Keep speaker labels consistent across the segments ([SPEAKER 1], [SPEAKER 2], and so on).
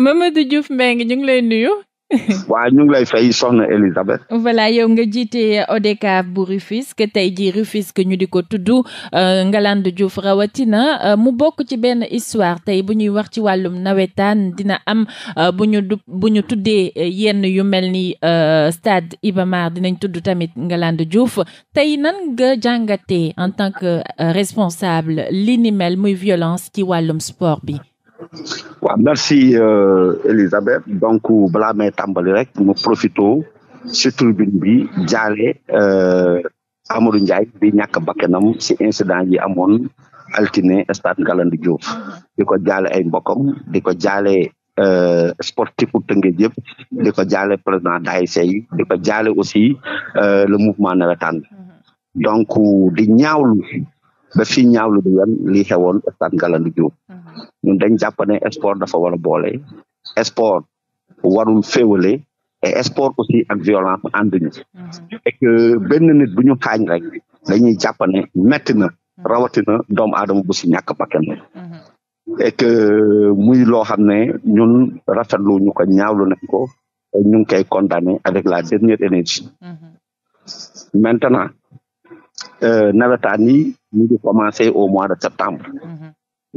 [SPEAKER 1] Mamadou Diouf Mbengue ñu ngi lay nuyu.
[SPEAKER 2] waaw ñu ngi lay fay soxna Elisabeth.
[SPEAKER 1] voilà yow nga jiite ODCAV bu Rufisque tey jii Rufisque ñu di ko tudd euh, Ngalandou Diouf rawatina euh, mu bokk ci benn histoire tey bu ñuy wax ci wàllum nawetaan dina am euh, bu ñu bu ñu tuddee yenn yu mel ni stade Iba Mar dinañ tudd tamit Ngalandou Diouf tey nan nga jàngatee en tant que responsable li ni mel muy violence ci wàllum sport bi.
[SPEAKER 2] wa merci euh, Elisabeth donc balaa may tàmbali rek mu profito si tribune bi jaale euh, Amadou Ndiaye bi ñàkk bakkanam si incident yi amoon altine stade Ngalandou Diouf di ko jaale ay mbokkam di ko jaale euh, sportif u Tëngéej yëpp di ko jaale président d'ASC yi di ko jaale aussi euh, le mouvement nawetaan mhm. donc di ñaawlu daf ci ñaawlu du yan lii xewoon stade Ngalandou Diouf mhm. ñun dañ jàpp ne sport dafa war a boole sport warul féewale et sport aussi ak violence ànduñu mhm. et que benn nit bu ñu xaañ rek dañuy jàpp ne mhm. rawatina doom aadama bu si ñàkk bakkan et muy loo xam ne ñun rafetlu ñu ko ñaawlu nañ ko ñu ngi koy condamné avec la dernière énergie maintenant Euh, nawetaan yi ñu ngi commencé au mois de septembre mm-hmm.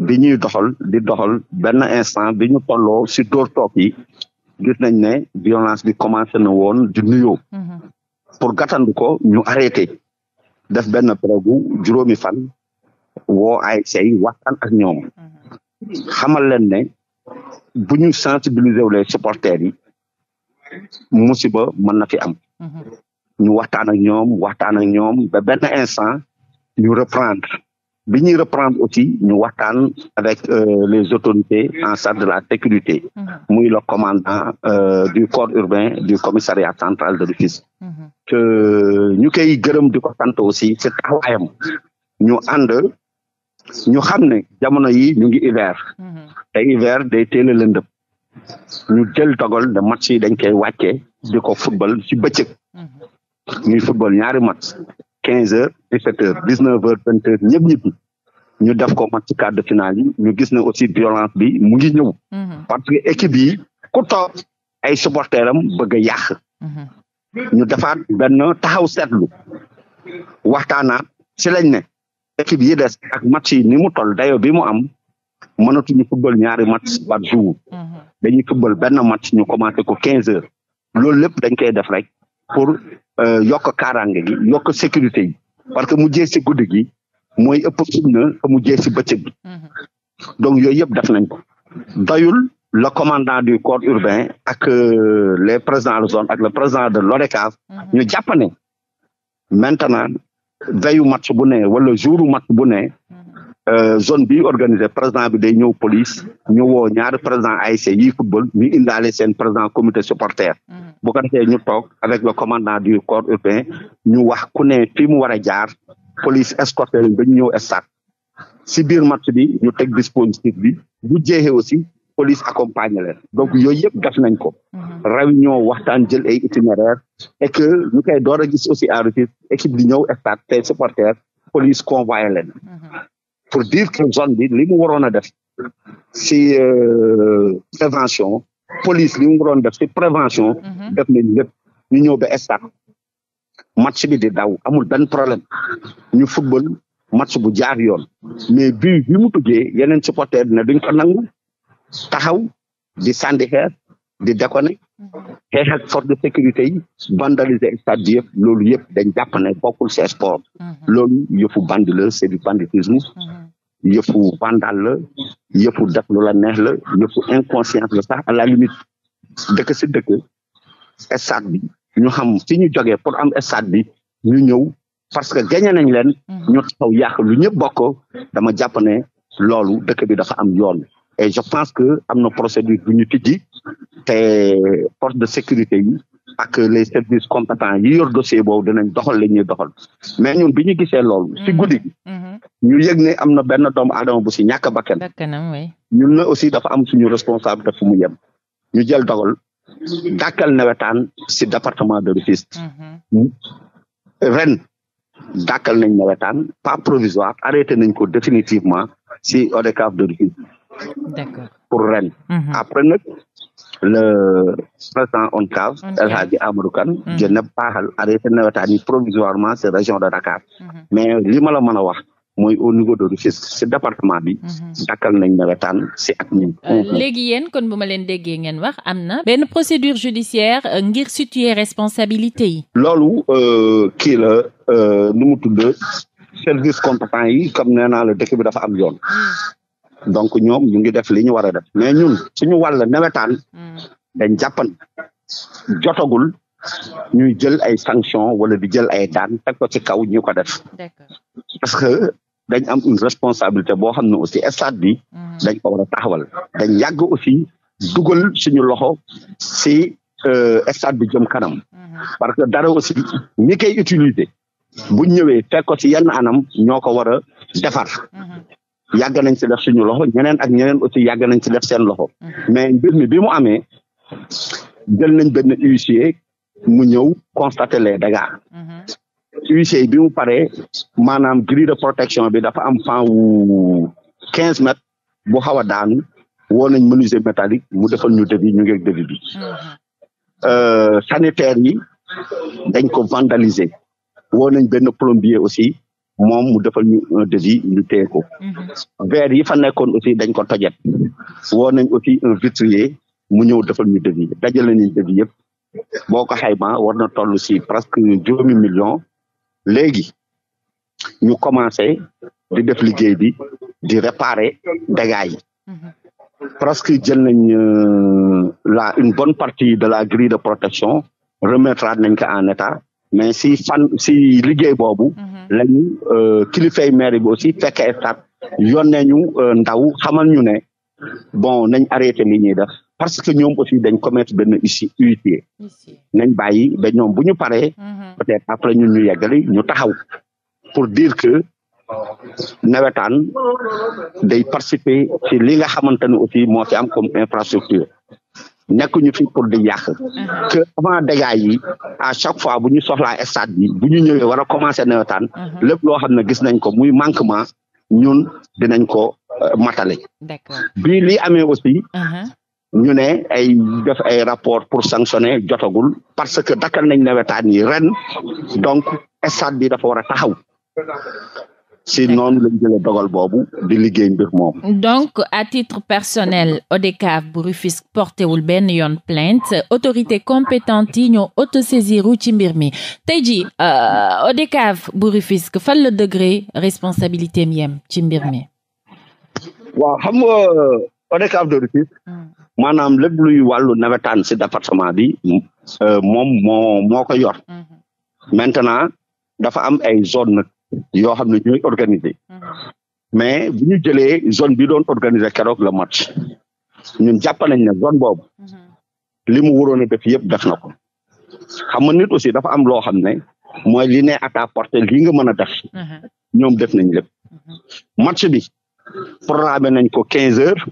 [SPEAKER 2] bi ñuy doxal di doxal benn instant bi ñu tolloo si dóor toog yi gis nañ ne violence bi commencé na woon di nuyoo mm-hmm. pour gàttandu ko ñu arrêté def benn prégu juróomi fan woo ay say waxtaan ak ñoom mm-hmm. xamal leen ne bu ñu sensibiliser wu les supporters yi musiba mën na fi am ñu waxtaan ak ñoom waxtaan ak ñoom ba benn instant ñu reprendre bi ñuy reprendre aussi ñu waxtaan avec euh, les autorités en charge de la sécurité mm-hmm. muy mm -hmm. le commandant euh, du corps urbain du commissariat central de Rufisque mm-hmm. que ñu koy gërëm di ko sant aussi ci taxawaayam ñu ànd ñu xam ne jamono yi ñu ngi hiver mm-hmm. te hiver day teel ñu jël dogal de match yi dañ koy wàccee di ko football ci bëccëg ñuy football ñaari match quinze heures dix sept heures dix neuf heures vingt heures ñëpp ñëpp ñu def ko match quart de finale yi ñu gis ne aussi violence bi mu ngi ñëw mhm. parce que équipe yi ku toog ay supporteram bëgg a yàq mhm. ñu defaat benn taxaw seetlu waxtaanaat ci lañ ne équipe yi des ak match yi ni mu tol dayo bi mu am mënatuñu football ñaari match par jour mhm. dañuy football benn match ñu commencé ko quinze heures loolu lépp dañ koy def rek pour euh, yokk kaaraange gi yokk sécurité yi parce que mu jee si guddi gi mooy ëpp fitna mu si bëccëg mm-hmm. donc yooyu yëpp def nañ ko doyul le commandant du corps urbain ak euh, les présidents le zone ak le président de l'ODCAV mm-hmm. ñu jàpp maintenant veyu match bu ne wala jouru match bu ne Euh, zone bi organisé président bi day ñëw police ñu woo ñaari président ASC yi football ñu indaale seen président comité supporter mm-hmm. bu ko ñu toog avec le commandant du corps urbain ñu wax ku ne fi mu war jaar police escorté leen ba ñu ñëw stade si biir match bi ñu teg dispositif bi bu jeexee aussi police accompagner leen donc yooyu yëpp def nañ ko mm-hmm. réunion waxtaan jël ay itinéraire et que ñu koy door a gis aussi à Rufisque équipe di ñëw stade tey supporter police convoyé leen mm-hmm. pour dire que zone bi li mu waroon a def si euh, prévention police li mu def si prévention. Mhm. def nañ lépp ñu ñëw ba stade match bi di daw amul benn problème ñu football match bu jaar yoon mais bi bi mu tuddee yeneen supporters ne duñ ko nangu taxaw di sandi di déconné xeex ak force de sécurité vandaliser stade bi yëpp loolu yëpp dañ jàpp ne bokkul ci sport mhm. loolu yëfu bandi la c'est du banditisme mhm. yëfu vandal la yëfu def lu la neex la yëfu inconscience la sax à la limite dëkk ci dëkk stade ñu xam fi ñu jógee pour am stade bi ñu ñëw parce que gagné nañ leen mhm. ñu taxaw yàq lu ñëpp bokk dama jàpp ne loolu dëkk bi dafa am yoon et je pense que am na procédure bu ñu tijji te force de sécurité yi ak les services compétents yi yor dossier boobu danañ doxal li ñuy doxal mais ñun bi ñu gisee loolu. ci mhm. guddi mhm. ñu yëg ne am na benn doomu aadama bu si ñàkk bakkan ñun na aussi dafa am suñu responsable fu mu yem ñu jël dogal dàkkal nawetaan si département de Rufisque. Mhm. ren dàkkal nañ nawetaan pas provisoire arrêté nañ ko définitivement si ODCAV de Rufisque. d'accord pour ren. Mhm. après nag le président ONCAV El Hadji Amadou Kane génn mhm. baaxal arrêté nawetaan yi provisoirement c'est région de Dakar mhm. mais li ma la mën a wax mooy au niveau de Rufisque ci département bi dakkal nañ nawetaan ci at mi
[SPEAKER 1] euh, léegi yéen kon bu ma leen déggee ngeen wax am na benn procédure judiciaire euh, ngir situer responsabilité yi
[SPEAKER 2] loolu euh, kii la nu mu tudd service compétent yi comme nee naa la dëkk bi dafa am yoon donc ñoom ñu ngi def li ñu war a def mais ñu suñu wàll nawetaan mm. dañ jàppan jotagul ñuy jël ay sanctions wala di jël ay daan teg ko ci kaw ñu ko def parce que dañ am une responsabilité boo xam ne aussi stade bi mm. dañ ko war a taxawal dañ yàgg aussi dugal suñu loxo si euh, stade bi jëm kanam mm-hmm. parce que dara aussi ñi koy utiliser bu ñëwee fekk ko ci yenn anam ñoo ko war a defar mm-hmm. yàgg nañ si def suñu loxo ñeneen ak ñeneen aussi yàgg nañ si def seen loxo mm-hmm. mais mbir mi bi mu amee jël nañ benn huissier mu ñëw constater les dégâts mm-hmm. huissier bi mu paree maanaam grille de protection bi dafa am fan wu quinze mètres bu xaw a daanu woo nañ menuisier métallique mu defal ñu devis ñu ngeeg devis bi mm-hmm. euh, sanitaire yi dañ ko vandaliser woo nañ benn plombier aussi moom mu defal ñu un devis ñu téye ko mhm. verre yi fa nekkoon aussi dañ ko tojet woo nañ aussi un vitrier mu ñëw defal ñu devis dajale nañ devis yëpp boo ko xayma war na toll si presque juróomi million léegi ñu commencé di def liggéey bi di réparer dégâts yi mhm. presque jël nañ euh, la une bonne partie de la grille de protection remettre nañ ko en état mais si fan si liggéey boobu mhm. lañu euh, kilifay maire bi aussi fekk état yónnee ñu euh, ndaw xamal ñu ne bon nañ arrêté li ñuy def parce que ñoom aussi dañ commettre benn ici huissier nañ bàyyi ba ñoom bu ñu paree mhm. peut après ñun ñu yeggali ñu taxaw pour dire que nawetaan day participer si li nga xamante ne aussi moo fi am comme infrastructure nekkuñu fi pour di yàq uh-huh. que avant dégâts yi à chaque fois bu ñu soxlaa stade bi bu ñu ñëwee war a commencer nawetaan uh-huh. lépp loo xam ne gis nañ ko muy manquement ñun dinañ ko euh, matale bi li amee aussi uh-huh. ñu ne ay def ay rapport pour sanctionner jotagul parce que dakkal nañ nawetaan yi ren donc stade bi dafa war a taxaw si noonu lañ jëlee dogal boobu di liggéey mbir moom
[SPEAKER 1] donc à titre personnel ODCAV bu Rufisque portewul benn yoon plainte autorité compétente yi ñoo autosaisiru ci mbir mi tey ji euh, ODCAV bu Rufisque fan la degré responsabilité mi ci mbir mi
[SPEAKER 2] waaw xam nga ODCAV de Rufisque hmm. maanaam lépp luy wàllu nawetaan si département bi euh, moom moo moo hmm. maintenant dafa am ay zone yoo xam ne ñooy organiser mm-hmm. mais bu ñu jëlee zone bi doon organiser keroog le match ñun jàpp nañ ne zone boobu mm-hmm. li mu waroon a def yëpp def na ko xam nga nit aussi dafa am loo xam ne mooy li ne à ta portée li nga mën a def mm-hmm. ñoom def nañ lépp match bi programmé nañ ko quinze heures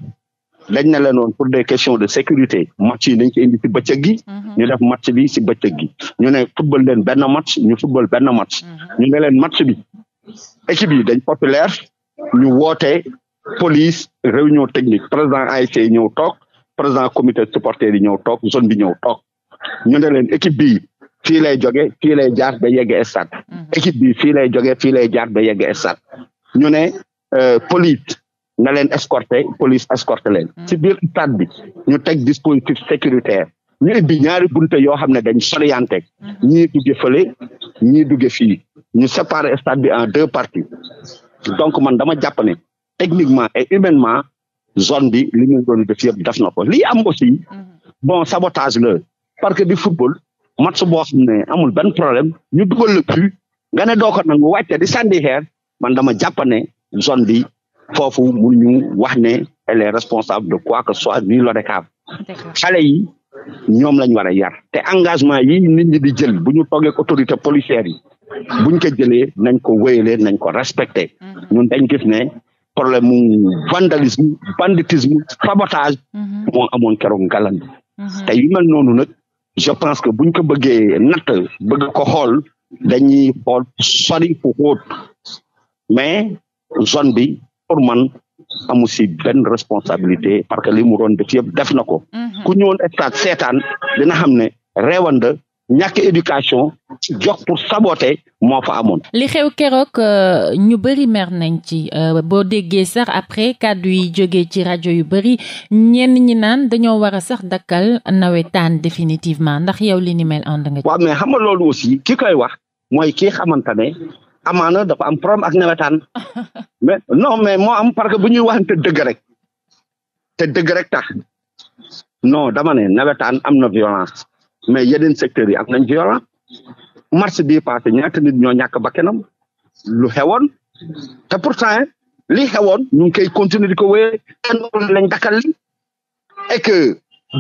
[SPEAKER 2] dañ na leen noonu pour des questions de sécurité match yi dañ ko indi ci bëccëg gi mhm. ñu def match bi si bëccëg gi ñu ne football leen benn match ñu football benn match mhm. ñu ne leen match bi équipe yi dañ populaire ñu woote police réunion technique président ASC ñëw toog président comité supporter yi ñëw toog zone bi ñëw toog ñu ne leen équipe bi fii lay joge fii lay jaar ba yegg stade mhm. équipe fii lay joge fii lay jaar ba yegg stade ñu ne euh, police na leen escorter police escorter leen. Hmm. ci biir stade bi ñu teg dispositif sécuritaire ñu ubbi ñaari bunte yoo xam ne dañ soriante hmm. ñii dugge fële ñii dugge fii ñu séparer stade bi en deux parties donc man dama jàpp techniquement et humainement zone bi li ñu doon def yëpp def na ko lii am aussi hmm. bon sabotage la parce que du football match boo xam ne amul benn problème ñu dugal le plus nga ne doo ko nangu wàcce di sànni xeer man dama jàpp zone bi. foofu mënuñu wax ne elle est responsable de quoi que ce soit ni l'ODCAV xale yi ñoom lañ war a yar te engagement yi nit di jël bu ñu toogee autorité policière yi buñ ko jëlee nañ ko wéyalee nañ ko respecté mhm. ñun dañ gis ne problème mu vandalisme banditisme sabotage mhm. moo amoon keroog ngalan mhm. te yu mel noonu nag je pense que buñ ko bëggee natt bëgg ko xool dañuy xool sori fu xóot mais zone bi pour man amu si benn responsabilité parce que li mu doon def yëpp def na ko. Mhm. ku ñëwoon stade seetaan dina xam ne réewanda ñàkk éducation jox pour saboter moo fa amoon.
[SPEAKER 1] li xew keroog euh, ñu bëri mer nañ ci euh, boo déggee sax après kàddu yi jógee ci rajo yu bëri ñenn ñi naan dañoo war a sax dakkal nawetaan définitivement ndax yow li ni mel ànd nga. waaw mais xam
[SPEAKER 2] nga loolu aussi ki koy wax mooy ki xamante ne amaana dafa am problème ak nawetaan mais no mais moo am parce que bu ñuy waxante dëgg te dëgg rek tax non dama nawetaan am na violence mais yeneen secteurs yi am nañ violence marché bii passé ñaata nit ñoo ñàkk bakkanam lu xewoon te pourtant li xewoon ñu ngi koy continuer di ko wéyee kenn lañ dakkal que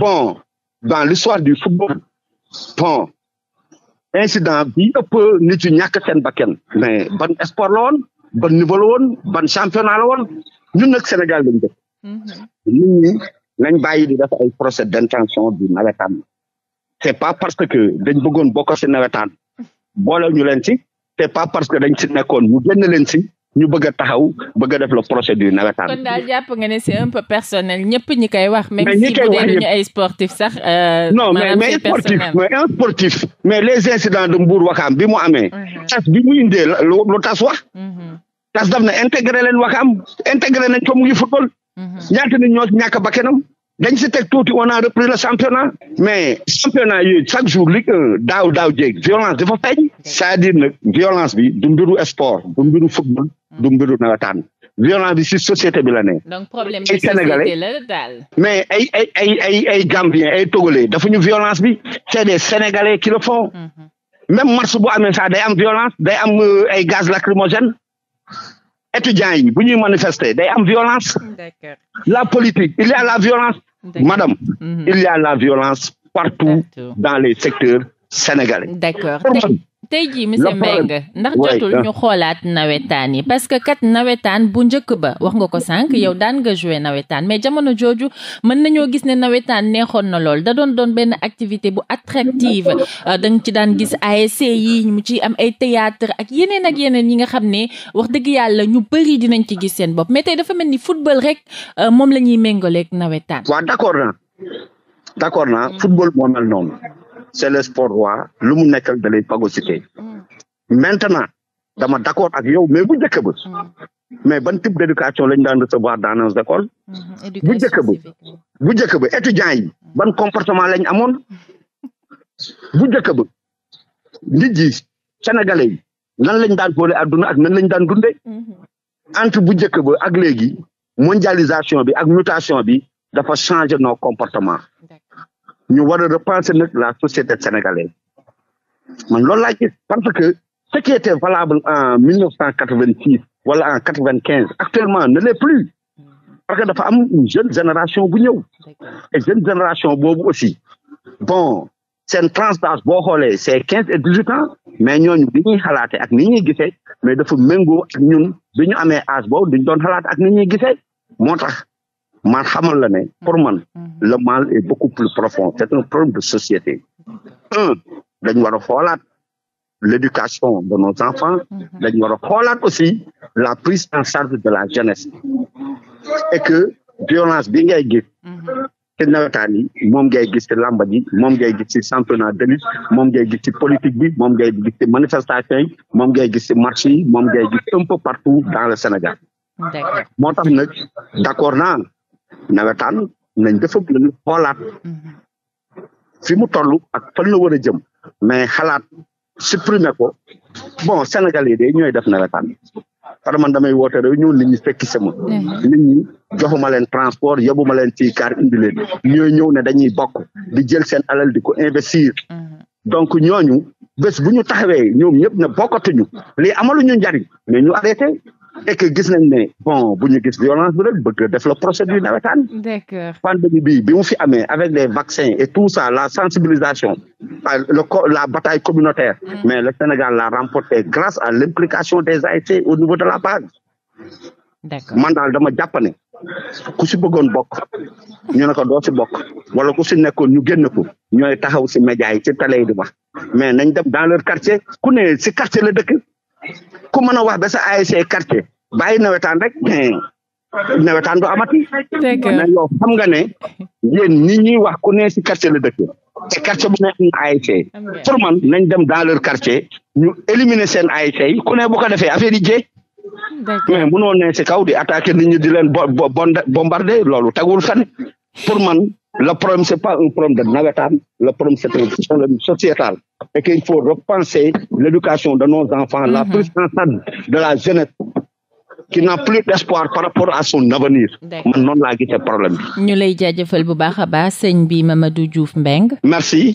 [SPEAKER 2] bon dans l'histoire du football bon incident bi ëpp nit yu ñàkk seen bakkan mais ban sport la woon ban niveau la woon ban championnat la woon ñun nag Sénégal lañ def mhm. nit ñi nañ bàyyi di def ay procès d'intention du nawetaan c'est pas parce que dañ bëggoon bokk ci nawetaan mhm. boole ñu leen ci c'est pas parce que dañ ci nekkoon ñu génn leen si ñu bëgg a taxaw bëgg a def la procès du nawetaan. kon
[SPEAKER 1] daal jàpp nga ne c'est un personnel ñëpp ñi koy wax. mais ñi koy wax ñu ay euh, sportif sax. no mais mais sportif mais
[SPEAKER 2] un sportif. mais les incidents de Mbour Wakaam bi mu amee. Mhm. tas bi mu indee la lu tas wax. Mhm. tas daf na intégré leen Wakaam intégré nañ ko mu ngi football. Mhm. ñaata nit ñoo ñàkk bakkanam dañ si teg tuuti on a repris le championnat mais championnat yooyu chaque jour ligue daaw daaw jéeg violence dafa feeñ c'est-à-dire nag violence bi du mbiru sport du mbiru football du mbiru nawetaan violence bi si société bi la ne. donc problème bi société la daal mais ay ay ay ay ay Gambien ay Togolais dafa ñu violence bi c'est des Sénégalais qui le font. Mhm. même marche bu amee sax day am violence day am euh, ay gaz lacrymogène étudiants yi bu ñuy manifester day am violence. d'accord la politique il y la violence. madame mhm. il y la violence partout dans les secteurs sénégalais.
[SPEAKER 1] d'accord tey jii monsieur Mbengue ndax jotul ah. ñu xoolaat nawetaan yi parce que kat nawetaan bu njëkk ba wax nga ko sànq mm. yow daan nga joué nawetaan mais jamono jooju mën nañoo gis ne nawetaan neexoon na lool da doon doon benn activité bu attractive euh, da nga ci daan gis ASC yi mu ci am ay théâtre ak yeneen ak yeneen yi nga xam ne wax dëgg yàlla ñu bëri dinañ ci gis seen bopp mais tey dafa mel ni football rek euh, moom la ñuy méngaleeg nawetaan. waaw d'accord
[SPEAKER 2] naa d'accord naa mm. noonu. c'est le sport roi lu mu nekk da lay mm. maintenant dama d'accord ak yow mais bu njëkk ba mm. mais ban type d'éducation lañu daan recevoir dans nos écoles mm-hmm. bu njëkk ba bu njëkk ba étudiants yi mm. ban comportement lañ amoon bu njëkk ba nit yi sénégalais yi nan lañ daan boole àdduna ak nan lañ daan dundee mm-hmm. entre bu njëkk ba ak léegi mondialisation bi ak mutation bi dafa changer no comportements ñu war a repenser nag la société sénégalaise man loolu laa parce que ce qui était valable en mille neuf cent quatre vingt six wala en quatre vingt quinze actuellement ne l'est plus parce que dafa am une jeune génération bu ñëw et jeune génération boobu aussi bon seen tranche d'âge boo xoolee c'est quinze et dix huit ans mais ñooñu bi ñuy xalaatee ak ni ñuy gisee mais dafa méngoo ak ñun bi ñu amee âge boobu duñ doon xalaat ak ni ñuy gisee moo tax man xamal la ne pour man mm-hmm. le mal est beaucoup plus profond c'est un problème de société un dañ war a xoolaat l'éducation de nos enfants mm-hmm. dañ war a xoolaat aussi la prise en charge de la jeunesse et que violence bi ngay gis mm-hmm. ci nawetaan yi moom ngay gis si làmba ji moom ngay gis ci championnat de lutte moom ngay gis ci politique bi moom gay gis ci manifestation yi moom ngay gis ci marché yi moom ngay gis un peu partout dans le Sénégal moo tax nag d'accord naa nawetaan nañ dafa gën xoolaat fi mu toll ak fan la war a jëm mais xalaat supprimer ko bon Sénégal yi de ñooy def na parce que man damay woote rek ñëw nit ñi fekki sama eh. leen transport yóbbu ma leen fii car indi ñëw ne dañuy bokk di jël seen alal di ko investir mm-hmm. donc ñooñu bés bu ñu taxawee ñoom ñëpp ne bokkatuñu lii amaluñu njariñ mais ñu arrêté et que gis nañ ne bon bu ñu gis violence bi rek bëgg def la procédure nawetaan. d'accord pandémie bi bi mu fi amee avec les vaccins et tout ça la sensibilisation ah, le la bataille communautaire. Mm. mais le Sénégal l'a remporté grâce à l'implication des ASC au niveau de la base. d'accord man daal dama jàpp ku si bëggoon bokk ñu ne ko doo si bokk wala ku si nekkoon ñu génn ko ñooy taxaw si média yi ci télé yi di wax mais nañ dem dans leur quartier ku ne si quartier la dëkk. ku mën a wax ba sa ASC quartier bàyyi wetaan rek na wetaan du amati. mais yow xam nga ne yéen nit ñuy wax ku ne si quartier la dëkk te quartier bu ne am na man nañ dem dans leur quartier ñu éliminer seen ASC yi ku ne bu ko defee affaire yi jéeg. mais mënoo ne si kaw di attaquer nit ñi di leen bo bo bombarder loolu tagul man. Le problème, ce n'est pas un problème de navetan, le problème, c'est un problème sociétal. Et qu'il faut repenser l'éducation de nos enfants, la prise en charge de la jeunesse qui n'a plus d'espoir par rapport à son avenir. man noonu laa gisee problème
[SPEAKER 1] bi. ñu lay jaajëfal bu baax a baax sëñ bi Mamadou Diouf Mbengue.
[SPEAKER 2] merci.